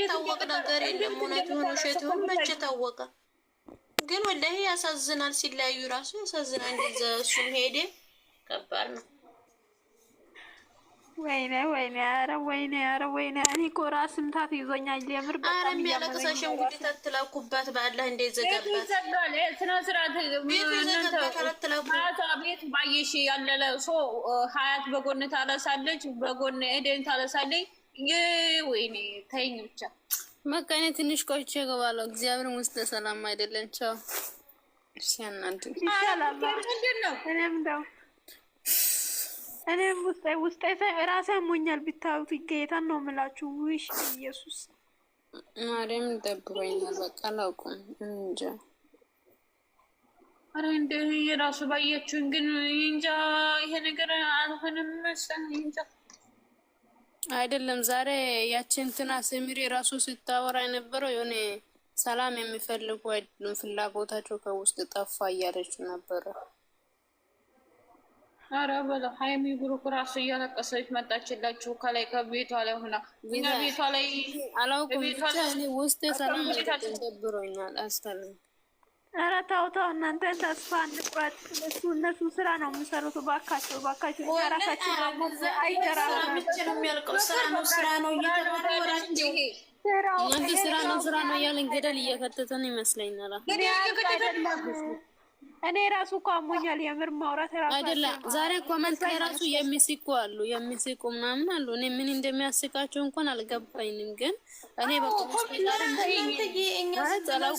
የሚታወቅ ነገር የለም። እውነቱን ውሸቱን መቼ ታወቀ? ግን ወላሂ ያሳዝናል። ሲለያዩ ራሱ ያሳዝናል። እንደዛ እሱም ሄደ። ከባድ ነው። ወይኔ ወይኔ፣ ኧረ ወይኔ፣ ኧረ ወይኔ። እኔ እኮ ራስ ምታት ይዞኛል። የምር ኧረ የሚያለቅሰሽን ጉዴት አትላኩባት። በአላህ ዘጋባት ስነ ስርዓት ባየሽ ያለለ ሰው ሀያት በጎን ታለሳለች፣ በጎን ኤደን ታለሳለች ወይኔ ተይኝ ብቻ በቃ ትንሽ ቆይቼ እገባለሁ። እግዚአብሔር ውስጥ ሰላም አይደለም። ቻው። እኔም ውስጤ ውስጤ ራሴ አሞኛል። ብታዩት ጌታን ነው የምላችሁ። ውሽ ኢየሱስ ማርያም በቃ አላውቅም እንጃ። አረ እንደ የራሱ ባያችሁን ግን እንጃ ይሄ ነገር አልሆነም መሰለኝ እንጃ አይደለም ዛሬ ያችን እንትና ስሚሪ ራሱ ስታወራ የነበረው የሆነ ሰላም የሚፈልጉ አይደሉም፣ ፍላጎታቸው ከውስጥ ጠፋ እያለች ነበረ። አረ በለው ሀይሚ ብሩክ ራሱ እያለቀሰች መጣችላችሁ። ከላይ ከቤቷ ላይ ሆና ቤቷ ላይ አላውቅም፣ ውስጥ ሰላም ደብሮኛል አስተልም ኧረ ተው ተው እናንተ ተስፋ እንቁረጥ። እነሱ እነሱ ስራ ነው የምሰሩት እባካቸው እባካቸው ራሳቸው ስራ ነው ስራ ነው እያለን ገደል እየከተተን ይመስለኛል። እኔ ራሱ እኮ አሞኛል። የምር ማውራት ራሱ አይደለም። ዛሬ ኮመንት ራሱ የሚስቁ አሉ፣ የሚስቁ ምናምን አሉ። እኔ ምን እንደሚያስቃቸው እንኳን አልገባኝም። ግን እኔ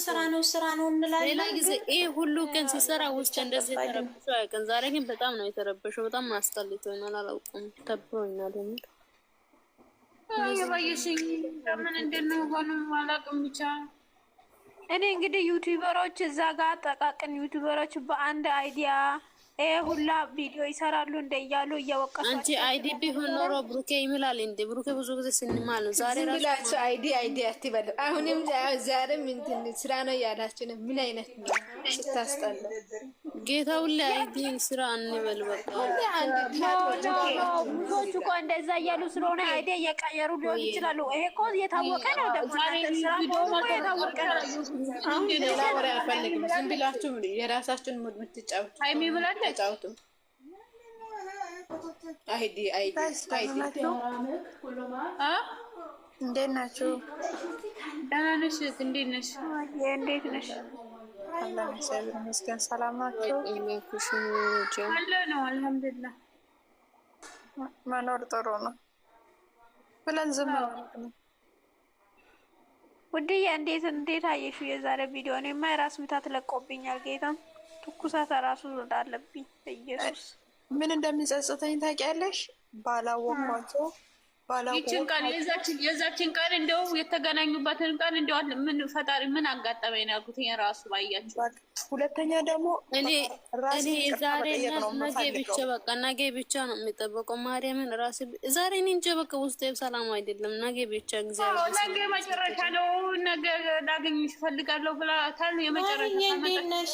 ስራ ነው ስራ ነው እንላለን። ሌላ ጊዜ ሁሉ ቀን ሲሰራ ውስጥ እንደዚህ አያውቅም። ዛሬ ግን በጣም ነው በጣም አስጠልቶኛል። አላውቅም፣ ተብሮኛል የምር የባየሽኝ ምን እንደነው አላውቅም ብቻ እኔ እንግዲህ ዩቲዩበሮች እዛ ጋር ጠቃቅን ዩቲዩበሮች በአንድ አይዲያ ይሄ ሁላ ቪዲዮ ይሰራሉ እንደ እያሉ እያወቀሱ አንቺ አይዲ ቢሆን ኖሮ ብሩኬ ይምላል እንዴ? ብሩኬ ብዙ ጊዜ ስንማል ዛሬ ራሱ አይዲ አይዲ አትበል። አሁንም ዛሬም እንትን ስራ ነው ያላችሁ ነው። ምን አይነት ነው ስታስጠላ ጌታ ሁላ አይዲ ስራ እንበል በቃ። ብዙዎቹ እኮ እንደዛ እያሉ ስለሆነ አይዲ እየቀየሩ ሊሆን ይችላሉ። ይሄ እኮ እየታወቀ ነው። ደግሞ የታወቀ ነው። አሁን ሌላ ወሬ አልፈልግም። ዝም ብላችሁ የራሳችሁን ሙድ ምትጫወቱ አይጫወቱም። አይዲ አይዲ እንዴት ናችሁ? ደህና ነሽ? እንዴት ነሽ? እንዴት ነሽ? አለ ነው። አልሐምዱሊላህ መኖር ጥሩ ነው ብለን ዝም ነው። ውድዬ እንዴት እንዴት አየሽው የዛሬ ቪዲዮ? እኔማ የራስ ምታት ለቆብኛል ጌታም ትኩሳት ራሱ እንዳለብኝ ኢየሱስ ምን እንደሚጸጽተኝ ታውቂያለሽ? ባላወኳቸው ይችን ቀን የዛችን ቀን እንደው የተገናኙበትን ቀን እንደ ምን ፈጣሪ ምን አጋጠመኝ ነው ያልኩት። ራሱ ባያቸው። ሁለተኛ ደግሞ እኔ እኔ ዛሬ ነገ ብቻ በቃ ነገ ብቻ ነው የሚጠበቀው። ማርያምን ራስ ዛሬ እኔ እንጃ በቃ ውስጥ ሰላም አይደለም። ነገ ብቻ እግዚአብሔር ነገ መጨረሻ ነው። ነገ ላገኝሽ እፈልጋለሁ ብላታል። የመጨረሻ ነሽ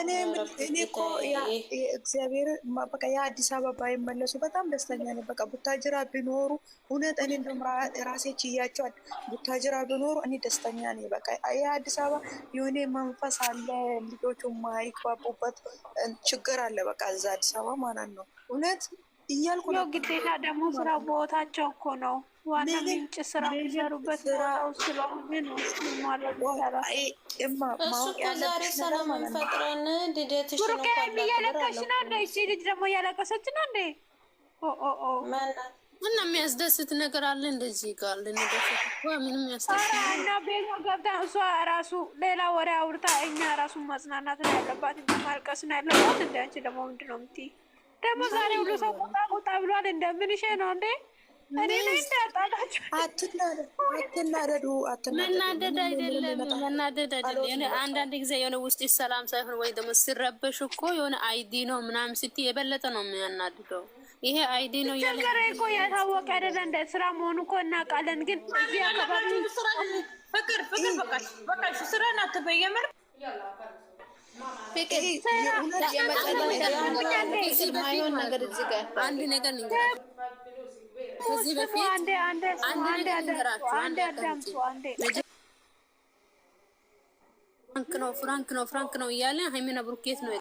እኔ እኔ እኮ እግዚአብሔር በቃ የአዲስ አበባ የመለሱ በጣም ደስተኛ ነው። በቃ ቡታጅራ ቢኖሩ እውነት እኔ እንደም ራሴ ችያቸዋል። ቡታጅራ ቢኖሩ እኔ ደስተኛ ነኝ። በቃ ያ አዲስ አበባ የሆነ መንፈስ አለ፣ ልጆቹ ማይግባቡበት ችግር አለ። በቃ እዛ አዲስ አበባ ማናት ነው እውነት እያልኩ ነው። ግዴታ ደግሞ ስራ ቦታቸው እኮ ነው ዋና ምንጭ ስራ የሚሰሩበት ቦታው ስለሆነ ነው። እሱ እኮ ሰላም ፈጥረን ልደትሽ ነው እያለቀሽ ነው እንደ እቺ ልጅ ደግሞ እያለቀሰች ነው እንደ እና የሚያስደስት ነገር አለ እንደዚህ ጋር ልንደሰት ምንም ገብታ እሷ ራሱ ሌላ ወሬ አውርታ እኛ ራሱን ማጽናናት ነው ያለባት እንጂ ማልቀስ ነው ያለባት። እንደ አንቺ ደግሞ ምንድን ነው የምትይ ደግሞ ዛሬ ሁሉ ሰው ቁጣ ቁጣ ብሏል። እንደምንሽ ነው እንዴ አትናደዱ። መናደድ አይደለም መናደድ አይደለም። አንዳንድ ጊዜ የሆነ ውስጥ ሰላም ሳይሆን ወይ ደግሞ ሲረበሽ እኮ የሆነ አይዲ ነው ምናምን ስትይ የበለጠ ነው የሚያናድደው። ይሄ አይዲ ነው ችግር እኮ የታወቀ አይደለ እንደ ስራ መሆኑ እኮ እናውቃለን። ግን እዚህ አካባቢ ፍቅር ፍቅር በቃሽ በቃሽ፣ ስራ እናትበየምር ፍቅር የማይሆን ነገር እዚህ ጋር አንድ ነገር ከዚህ በፊት ፍራንክ ነው ፍራንክ ነው ፍራንክ ነው እያለ ሀይሚና ብሩኬት ነው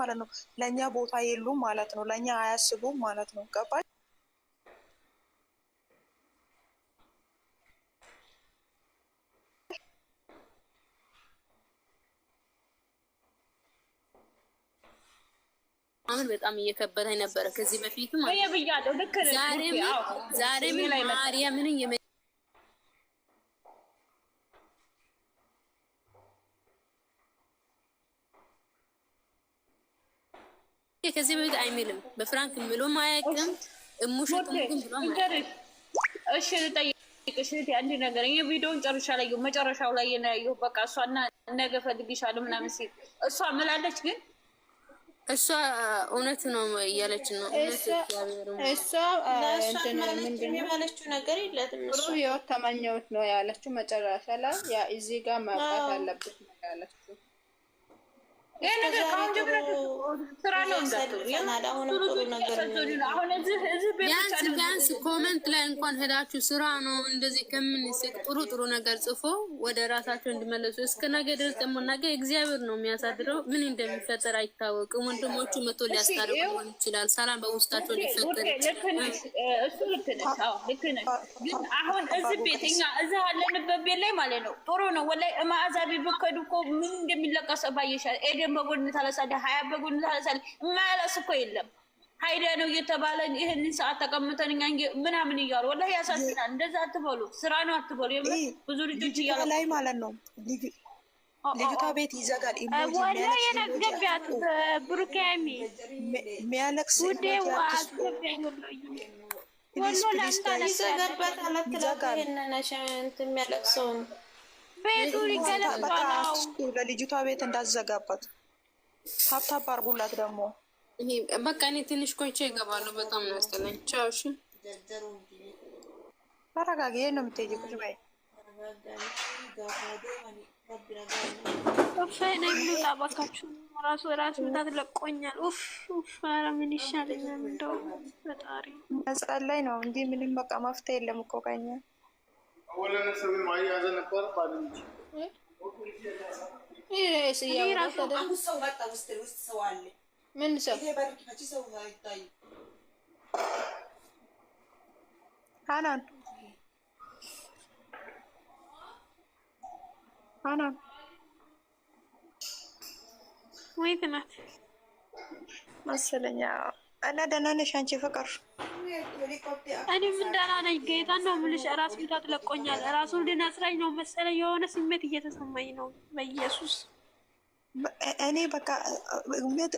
ማለት ነው። ለእኛ ቦታ የሉም ማለት ነው። ለእኛ አያስቡም ማለት ነው። ገባች? አሁን በጣም እየከበደኝ ነበረ ከዚህ በፊት ማለት ነው። ዛሬም ማርያምን ከዚህ በፊት አይሚልም በፍራንክ ብሎም አያውቅም። እሙሽ ጥሙቅም ብሎ እሺ፣ ልጠይቅሽ አንድ ነገር ይህ ቪዲዮን ጨርሻ ላይ መጨረሻው ላይ የናየሁ በቃ እሷና ነገ ፈልግሻለሁ ምናምን ሲል እሷ ምላለች ግን እሷ እውነት ነው እያለች ነው። እሷ ነገር የለትም። እሱ የወት ተመኘሁት ነው ያለችው መጨረሻ ላይ ያ እዚህ ጋር መብቃት አለበት ነው ያለችው። ቢያንስ ቢያንስ ኮመንት ላይ እንኳን ሄዳችሁ ስራ ነው እንደዚህ ከምንስቅ ጥሩ ጥሩ ነገር ጽፎ ወደ ራሳቸው እንዲመለሱ። እስከ ነገ ድረስ ደግሞ ነገ እግዚአብሔር ነው የሚያሳድረው። ምን እንደሚፈጠር አይታወቅም። ወንድሞቹ መቶ ሊያስታርቁ ሊሆን ይችላል። ሰላም በውስጣቸው ሊፈጠር እሱ ልክ ነሽ፣ ግን አሁን እዚህ ቤት እኛ እዚህ አለንበት ቤት ላይ ማለት ነው ጥሩ ነው ወላሂ። ማዕዛ ቤት እኮ ምን እንደሚለቀሰ ባየሻል ኤደን በጎን ታለሳለህ፣ ሀያ በጎን ታለሳለህ። የማያለቅስ እኮ የለም። ሀይዳ ነው እየተባለ ይህንን ሰዓት ተቀምጠን እኛ ምናምን እያሉ ወላ ያሳዝናል። እንደዛ አትበሉ፣ ስራ ነው አትበሉ። ብዙ ልጆች እያሉ ላይ ማለት ነው ልጅቷ ቤት ይዘጋል። ወላ የነገቢያት ብሩካሚ ሚያለቅስ ይዘጋል። ቤቱ ይገለባል። ለልጅቷ ቤት እንዳዘጋባት ታፕታፕ አርጉላት ደግሞ ይሄ በቃ እኔ ትንሽ ቆይቼ ይገባሉ። በጣም ነው ያስጠላኝ። ቻው። እሺ ተረጋጊ። ይሄን ነው የምትሄጂው። ቁጭ በይ። ኦፋይ ነኝ ብሎ ጣባካችሁ ራሱ ራሱ ምታት ለቆኛል። ኡፍ ኡፍ፣ ኧረ ምን ይሻለኛል? እንደው ፈጣሪ መጸለይ ነው እንጂ ምንም በቃ መፍትሄ የለም እኮ ቀኛ ማያዘ ነበር ከኛ ምን ሰው ሀናን ሀናን ወይት ናት መሰለኝ እና ደህና ነሽ አንቺ ፍቅር? እኔም ደህና ነኝ። ጌታ ነው የምልሽ እራስ ምታት ለቆኛል። እራሱን ልነስረኝ ነው መሰለኝ የሆነ ስሜት እየተሰማኝ ነው በኢየሱስ እኔ በቃ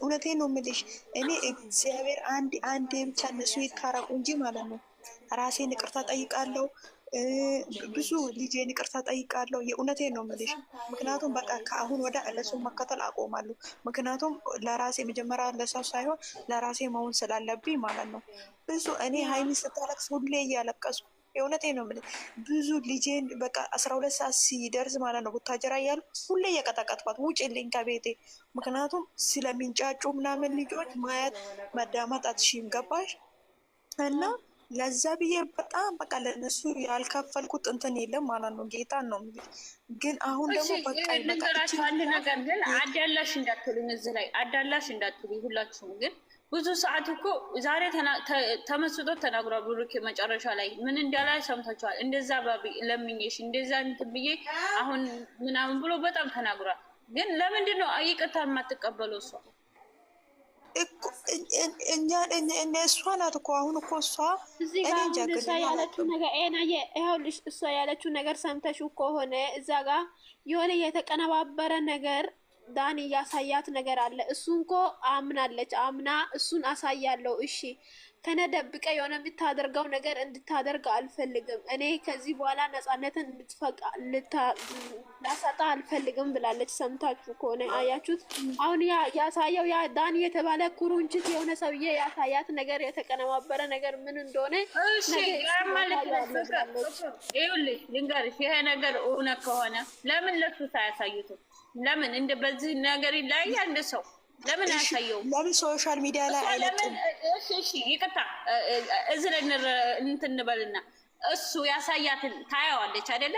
እውነቴ ነው የምልሽ። እኔ እግዚአብሔር አንድ አንዴ ብቻ እነሱ ይታረቁ እንጂ ማለት ነው ራሴን ይቅርታ ጠይቃለሁ። ብዙ ልጄን ይቅርታ ጠይቃለሁ። የእውነቴ ነው የምልሽ። ምክንያቱም በቃ ከአሁን ወደ እነሱ መከተል አቆማሉ። ምክንያቱም ለራሴ መጀመሪያ ለሰው ሳይሆን ለራሴ መሆን ስላለብኝ ማለት ነው። ብዙ እኔ ሀይሚ ስታለቅስ ሁሌ እያለቀስኩ የእውነቴ ነው የምልህ። ብዙ ልጄን በቃ አስራ ሁለት ሰዓት ሲደርስ ማለት ነው ቡታጀራ እያሉ ሁሌ የቀጠቀጥኳት ውጭልኝ ከቤቴ ምክንያቱም ስለሚንጫጩ ምናምን ልጆች ማየት መዳመጥ አትሽም ገባሽ እና ለዛ ብዬ በጣም በቃ ለነሱ ያልከፈልኩት እንትን የለም ማለት ነው። ጌታን ነው ግን አሁን ደግሞ በቃ ነገር ግን አዳላሽ እንዳትሉኝ እዚህ ላይ አዳላሽ እንዳትሉኝ ሁላችሁም ግን ብዙ ሰዓት እኮ ዛሬ ተመስጦ ተናግሯል። ብሩኬ መጨረሻ ላይ ምን እንዳላ ሰምታችኋል። እንደዛ ለምኜሽ እንደዛ እንትን ብዬ አሁን ምናምን ብሎ በጣም ተናግሯል። ግን ለምንድን ነው ይቅርታ የማትቀበለው? እሷ እሷ ያለችው ነገር ይኸውልሽ፣ ሰምተሽ ከሆነ እዛ ጋር የሆነ የተቀነባበረ ነገር ዳኒ እያሳያት ነገር አለ። እሱን እኮ አምናለች። አምና እሱን አሳያለሁ። እሺ ከነደብቀ የሆነ የምታደርገው ነገር እንድታደርግ አልፈልግም። እኔ ከዚህ በኋላ ነፃነትን ላሰጣ አልፈልግም ብላለች። ሰምታችሁ ከሆነ አያችሁት። አሁን ያሳየው ያ ዳኒ የተባለ ኩሩንችት የሆነ ሰውዬ ያሳያት ነገር የተቀነባበረ ነገር ምን እንደሆነ ይኸውልሽ፣ ልንገርሽ፣ ይሄ ነገር እውነት ከሆነ ለምን ለሱ ሳያሳዩትም ለምን እንደ በዚህ ነገር ላይ አንድ ሰው ለምን አያሳየውም? ለምን ሶሻል ሚዲያ ላይ አይለጥም? እሺ እሺ፣ ይቅርታ እዝን እንትን እንበልና እሱ ያሳያትን ታየዋለች አይደለ?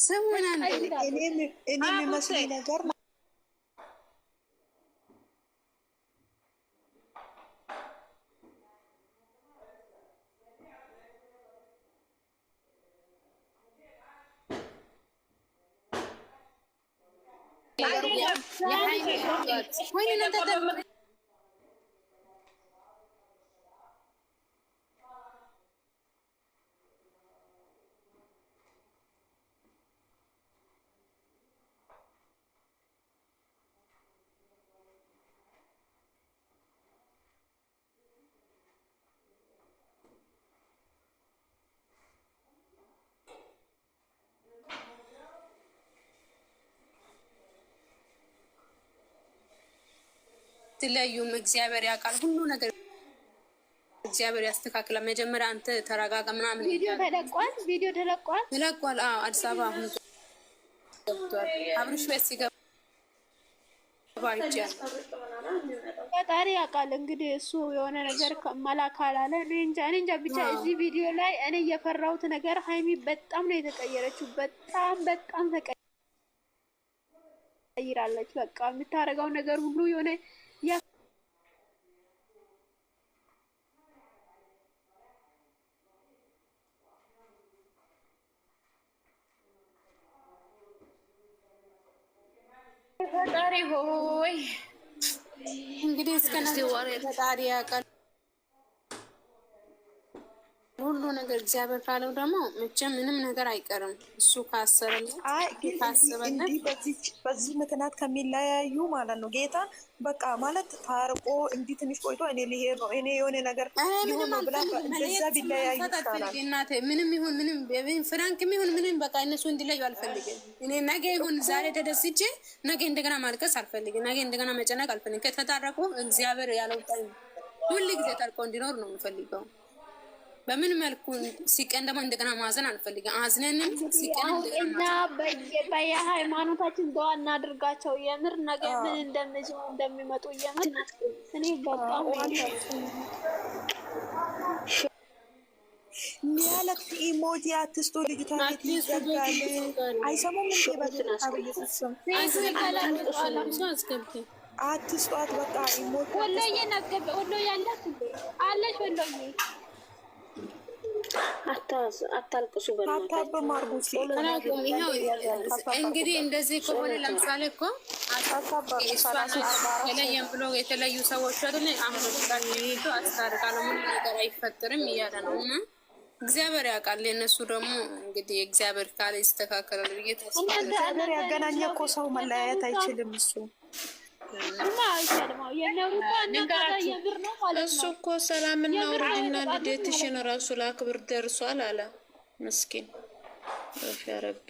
سوينا اني مسؤولة قرن يا حبيبي وين انت አትለዩም። እግዚአብሔር ያውቃል ሁሉ ነገር እግዚአብሔር ያስተካክላል። መጀመሪያ አንተ ተረጋጋ ምናምን። ቪዲዮ ተለቋል፣ ቪዲዮ ተለቋል፣ ተለቋል። አዎ አዲስ አበባ አሁን ገብቷል። አብርሽ ቤት ሲገባ ፈጣሪ ያውቃል። እንግዲህ እሱ የሆነ ነገር መላካል አለ። እኔ እንጃ እኔ እንጃ። ብቻ እዚህ ቪዲዮ ላይ እኔ የፈራሁት ነገር ሀይሚ በጣም ነው የተቀየረችው። በጣም በጣም ተቀይራለች። በቃ የምታደርገው ነገር ሁሉ የሆነ Yes ፈጣሪ ሆይ እንግዲህ እስከ ፈጣሪ ያውቃል። ነገር እግዚአብሔር ካለው ደግሞ መቼም ምንም ነገር አይቀርም። እሱ ካሰበለት በዚህ ምክንያት ከሚለያዩ ማለት ነው ጌታ በቃ ማለት ታርቆ እንዲህ ትንሽ ቆይቶ እኔ ልሄድ ነው እኔ የሆነ ነገር ብላዛ ቢለያዩ ይቻላል። ምንም ይሁን ምንም ፍራንክ ይሁን ምንም በቃ እነሱ እንዲለዩ አልፈልግም። እኔ ነገ ይሁን ዛሬ ተደስቼ ነገ እንደገና ማልቀስ አልፈልግም። ነገ እንደገና መጨነቅ አልፈልግም። ከተታረቁ እግዚአብሔር ያለው ሁል ጊዜ ታርቆ እንዲኖር ነው የምፈልገው። በምን መልኩ ሲቀን ደግሞ እንደገና ማዘን አንፈልግም። አዝነንም ሲቀን በየሃይማኖታችን ደዋ እናድርጋቸው። የምር ነገ ምን እንደምችል እንደሚመጡ የምር እኔ በጣም ሚያለቅስ ኢሞት የአትስቶ ልጅቷ አትስጧት። በቃ ኢሞት ወሎዬ ናት ገብ ወሎዬ አለች ወሎዬ አታልቅሱ። እንግዲህ እንደዚህ ከሆነ ለምሳሌ እኮ ተለየን ብሎ የተለዩ ሰዎች ነገር አይፈጥርም እያለ ነው። እና እግዚአብሔር ያውቃል። የእነሱ ደግሞ እንግዲህ እግዚአብሔር ካለ ይስተካከላል ብዬ ተስፋ ያገናኘ እኮ ሰው መለያየት አይችልም እሱ እሱ እኮ ሰላም ውርድና ልደትሽን ራሱ ለአክብር ደርሷል አለ። ምስኪን ረቢ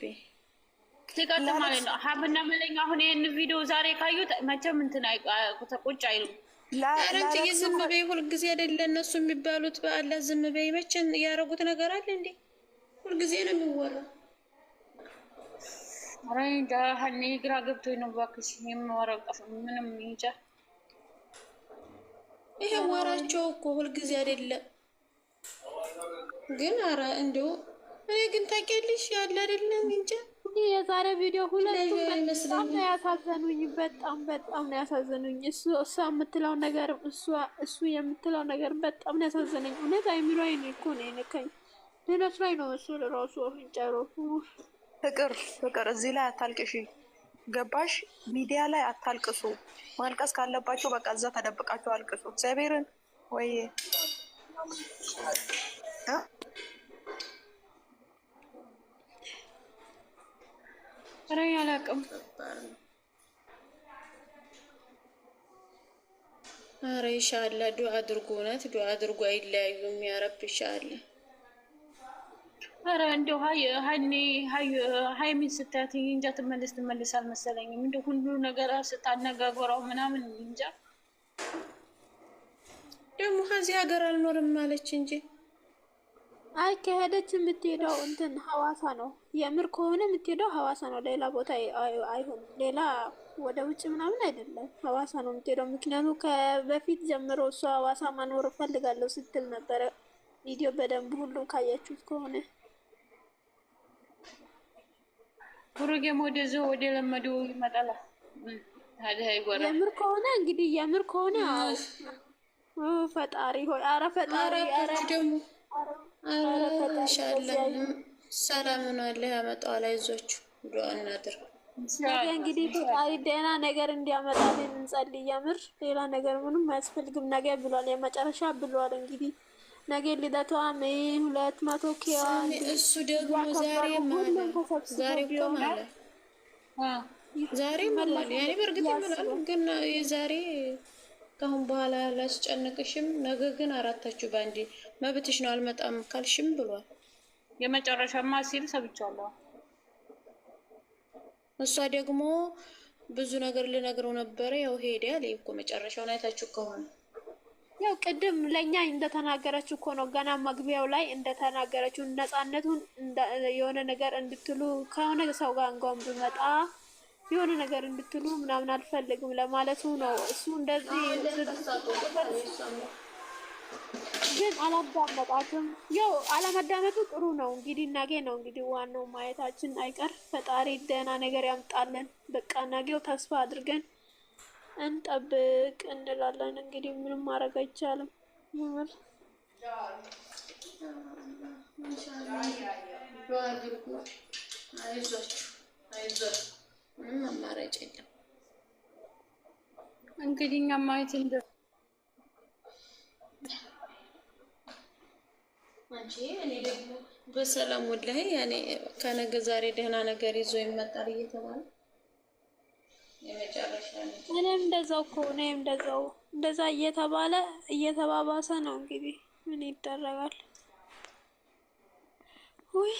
ሲቀጥል ማለት ነው ሀብና መለኛ አሁን ይህን ቪዲዮ ዛሬ ካዩት መቼም እንትን ተቆጭ አይሉም። ረንጭዬ ዝም በይ፣ ሁልጊዜ አይደለ እነሱ የሚባሉት በአላህ ዝም በይ። መቼ ያደረጉት ነገር አለ እንዴ? ሁልጊዜ ነው የሚወራው እንጃ እኔ ግራ ገብቶኝ ነው። እባክሽ የማወራቀፍ ምንም እንጃ። ይሄ ወራቸው እኮ ሁልጊዜ አይደለም ግን፣ ኧረ እንደው እኔ ግን ታውቂያለሽ ያለ አይደለም እንጃ። የዛሬ ቪዲዮ ሁለቱም በጣም ነው ያሳዘኑኝ። በጣም በጣም ነው ያሳዘኑኝ። እሱ እሷ የምትለው ነገር እሷ እሱ የምትለው ነገር በጣም ነው ያሳዘነኝ። እውነት አይምሮዬ ነው እኮ ነው የነካኝ። ድነስ ላይ ነው እሱ ራሱ አፍንጫ ሮፉ ፍቅር ፍቅር እዚህ ላይ አታልቅሽ፣ ገባሽ? ሚዲያ ላይ አታልቅሱ። ማልቀስ ካለባችሁ በቃ እዛ ተደብቃችሁ አልቅሱ። እግዚአብሔርን ወይ ኧረ አላቅም፣ ኧረ ይሻላል። ዱዐ አድርጉ፣ እውነት ዱዐ አድርጉ። አይለያዩም። ያረብ ይሻላል። ኧረ እንደው ሀኔ ሀይሚን ስታያት እንጃ ትመልስ ትመልስ አልመሰለኝም። እንደ ሁሉ ነገር ስታነጋገረው ምናምን እንጃ። ደግሞ ከዚህ ሀገር አልኖርም ማለች እንጂ አይ ከሄደች የምትሄደው እንትን ሀዋሳ ነው። የምር ከሆነ የምትሄደው ሀዋሳ ነው። ሌላ ቦታ አይሆንም። ሌላ ወደ ውጭ ምናምን አይደለም። ሀዋሳ ነው የምትሄደው። ምክንያቱ ከበፊት ጀምሮ እሱ ሀዋሳ ማኖር እፈልጋለሁ ስትል ነበረ። ቪዲዮ በደንብ ሁሉም ካያችሁት ከሆነ ፕሮግራም ወደ እዛው ይመጣል። ለመደው ይመጣል። የምር ከሆነ እንግዲህ የምር ከሆነ ፈጣሪ ሆይ፣ አረ ፈጣሪ አረ ደግሞ ሰላም ነው አለ ያመጣው ላይ አይዟችሁ፣ ዱአ እናድርግ እንግዲህ ፈጣሪ ደህና ነገር እንዲያመጣልን እንጸልይ። የምር ሌላ ነገር ምንም አያስፈልግም። ነገ ብሏል፣ የመጨረሻ ብሏል እንግዲህ ነገ ልደቷ ሜ ሁለት መቶ ኪያዋን እሱ ደግሞ ዛሬ ዛሬ እኮ ማለት ዛሬ ማለት ያኔ በእርግጥ ይመላል፣ ግን የዛሬ ከአሁን በኋላ ላስጨንቅሽም። ነገ ግን አራታችሁ በአንዴ መብትሽ ነው፣ አልመጣም ካልሽም ብሏል። የመጨረሻማ ሲል ሰብቻለሁ። እሷ ደግሞ ብዙ ነገር ልነግረው ነበረ፣ ያው ሄደ ያለ እኮ መጨረሻውን አይታችሁ ከሆነ ያው ቅድም ለእኛ እንደተናገረችው እኮ ነው። ገና መግቢያው ላይ እንደተናገረችው ነፃነቱን የሆነ ነገር እንድትሉ ከሆነ ሰው ጋር እንኳን ብመጣ የሆነ ነገር እንድትሉ ምናምን አልፈልግም ለማለቱ ነው። እሱ እንደዚህ ግን አላዳመጣትም። ያው አለመዳመጡ ጥሩ ነው። እንግዲህ እናጌ ነው እንግዲህ ዋናው ማየታችን አይቀር። ፈጣሪ ደህና ነገር ያምጣለን። በቃ እናጌው ተስፋ አድርገን እንጠብቅ እንላለን። እንግዲህ ምንም ማድረግ አይቻልም። ምር አይዟችሁ፣ ምንም አማራጭ የለም። እንግዲህ እኛ ማየት እንደ እኔ ደግሞ በሰላም ወላሂ ያኔ ከነገ ዛሬ ደህና ነገር ይዞ ይመጣል እየተባለ እኔም እንደዛው እኮ እኔም እንደዛው እንደዛ እየተባለ እየተባባሰ ነው እንግዲህ ምን ይደረጋል? ውይ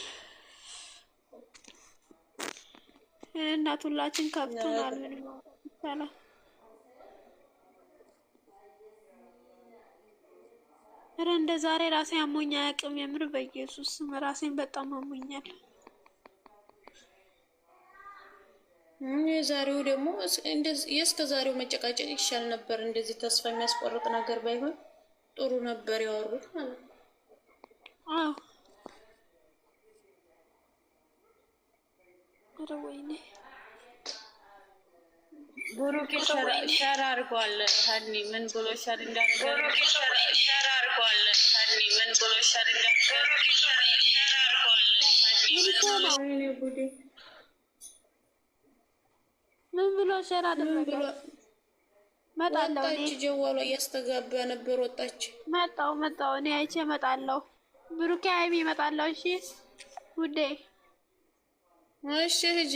እናት ሁላችን ከብቶናል። ምን ይባላል? ኧረ እንደ ዛሬ ራሴ አሞኝ አያውቅም። የምር በኢየሱስ ራሴን በጣም አሞኛል። የዛሬው ደግሞ የእስከ ዛሬው መጨቃጨቅ ይሻል ነበር። እንደዚህ ተስፋ የሚያስቆርጥ ነገር ባይሆን ጥሩ ነበር ያወሩት ማለት ነው። አዎ ወይኔ ብሩክ ሸር አድርጓል። ሀኒ ምን ብሎ ሸር እንዳደረገ ሸር አድርጓል። ሀኒ ምን ብሎ ሸር እንዳደረገ ምን ብሎ ሸራ አደረገ? መጣለሁ እኔ እያስተጋባ ነበር። ወጣች። መጣው መጣው እኔ አይቼ መጣለሁ። ብሩኬ አይሚ መጣለሁ። እሺ ውዴ፣ እሺ ሂጂ።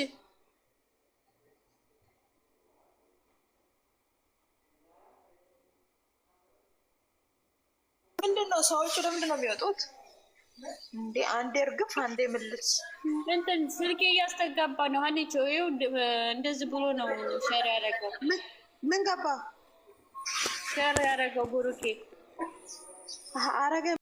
ምንድን ነው ሰዎቹ ለምንድን ነው የሚወጡት? እንዴ አንዴ እርግፍ አንዴ ምልስ እንትን ስልኬ እያስተጋባ ነው። አንቺ ይኸው እንደዚህ ብሎ ነው ሸር ያደረገው። ምን ገባ ሸር ያደረገው ብሩኬ አረገ